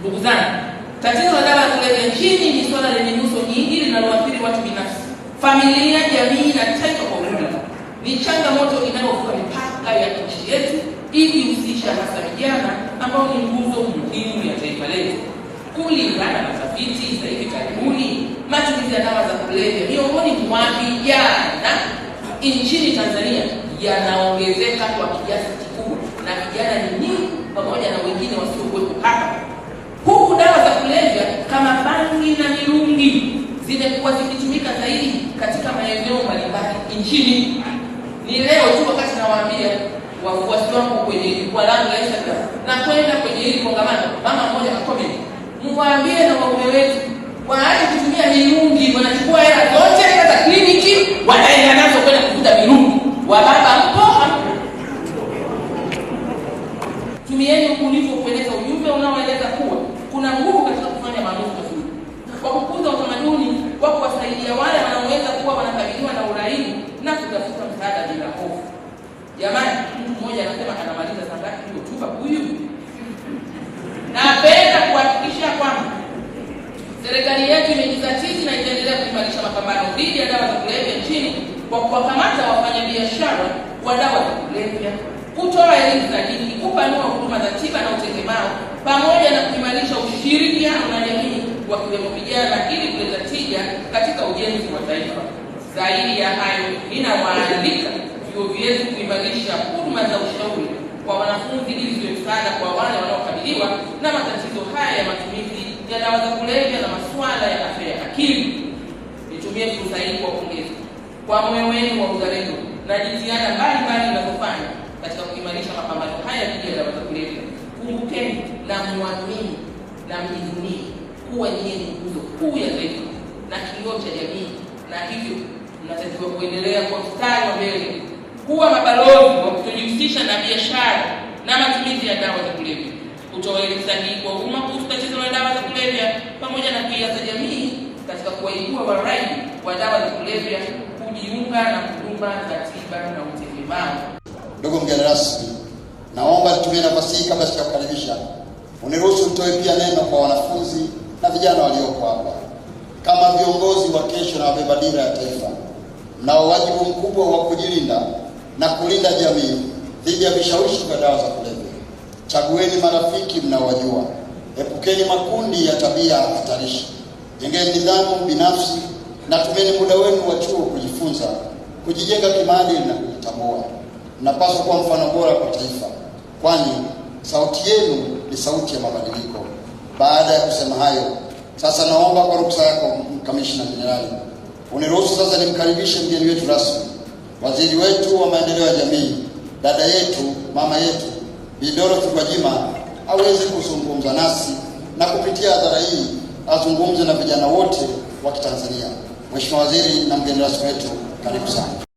Ndugu zangu, tatizo la dawa ya kulevya nchini ni suala lenye nyuso nyingi linaloathiri watu binafsi, familia, jamii na taifa kwa ujumla. Ni changamoto inayovuka mipaka ya nchi yetu, ikihusisha hasa vijana ambao ni nguzo muhimu ya taifa letu. Kulingana na tafiti za hivi karibuni, matumizi ya dawa za kulevya miongoni mwa vijana nchini Tanzania yanaongezeka kwa kiasi rangi na mirungi zimekuwa zikitumika zaidi katika maeneo mbalimbali nchini. Ni leo tu wakati nawaambia wafuasi wangu kwenye kwa rangi ya Instagram na kwenda kwenye hili kongamano, mama mmoja akakomenti, mwaambie na waume wetu waache kutumia mirungi, wanachukua hela zote za kliniki wana Jamani, mtu mmoja anasema anamaliza sadaka hiyo tuba huyu. Napenda kuhakikisha kwamba serikali yetu imejizatiti na itaendelea kuimarisha mapambano dhidi ya dawa za kulevya nchini kwa kuwakamata wafanyabiashara wa dawa za kulevya, kutoa elimu za dini, kupanua huduma za tiba na utegemeo, pamoja na kuimarisha ushirikiano na jamii wakiwemo vijana, ili kuleta tija katika ujenzi wa taifa. Zaidi ya hayo, ninawaalika vyuo vyetu kuimarisha huduma za ushauri kwa wanafunzi ili ziwe msaada kwa wale wanaokabiliwa na matatizo haya ya matumizi ya dawa za kulevya na masuala ya afya ya akili. Nitumie fursa hii kuwapongeza kwa moyo wenu wa uzalendo na jitihada mbalimbali mnazofanya katika kuimarisha mapambano haya dhidi ya dawa za kulevya. Kumbukeni na mwamini na mjivunie kuwa nyie ni nguzo kuu ya taifa na kioo cha jamii, na hivyo mnatakiwa kuendelea kwa mstari wa mbele kuwa mabalozi wa kutojihusisha na biashara na matumizi ya dawa za kulevya, kutoa elimu sahihi kwa umma kuhusu tatizo la dawa za kulevya pamoja na za jamii katika kuwaibua warai wa dawa za kulevya kujiunga na huduma za tiba na utegemano. Ndugu mgeni rasmi, naomba nitumie nafasi hii kabla sijakukaribisha, uniruhusu nitoe pia neno kwa wanafunzi na vijana walioko hapa. Kama viongozi wa kesho na wabeba dira ya taifa, mnao wajibu mkubwa wa kujilinda na kulinda jamii dhidi ya vishawishi vya dawa za kulevya. Chagueni marafiki mnaowajua, epukeni makundi ya tabia hatarishi, jengeni nidhamu binafsi na tumieni muda wenu wa chuo kujifunza, kujijenga kimaadili na kujitambua. Mnapaswa kuwa mfano bora kwa taifa, kwani sauti yenu ni sauti ya mabadiliko. Baada ya kusema hayo, sasa naomba kwa ruksa yako Kamishna Jenerali, uniruhusu sasa nimkaribishe mgeni wetu rasmi waziri wetu wa maendeleo ya jamii, dada yetu, mama yetu bidoro Dorothy Gwajima aweze kuzungumza nasi na kupitia hadhara hii azungumze na vijana wote wa Kitanzania. Mheshimiwa Waziri na mgeni rasmi wetu, karibu sana.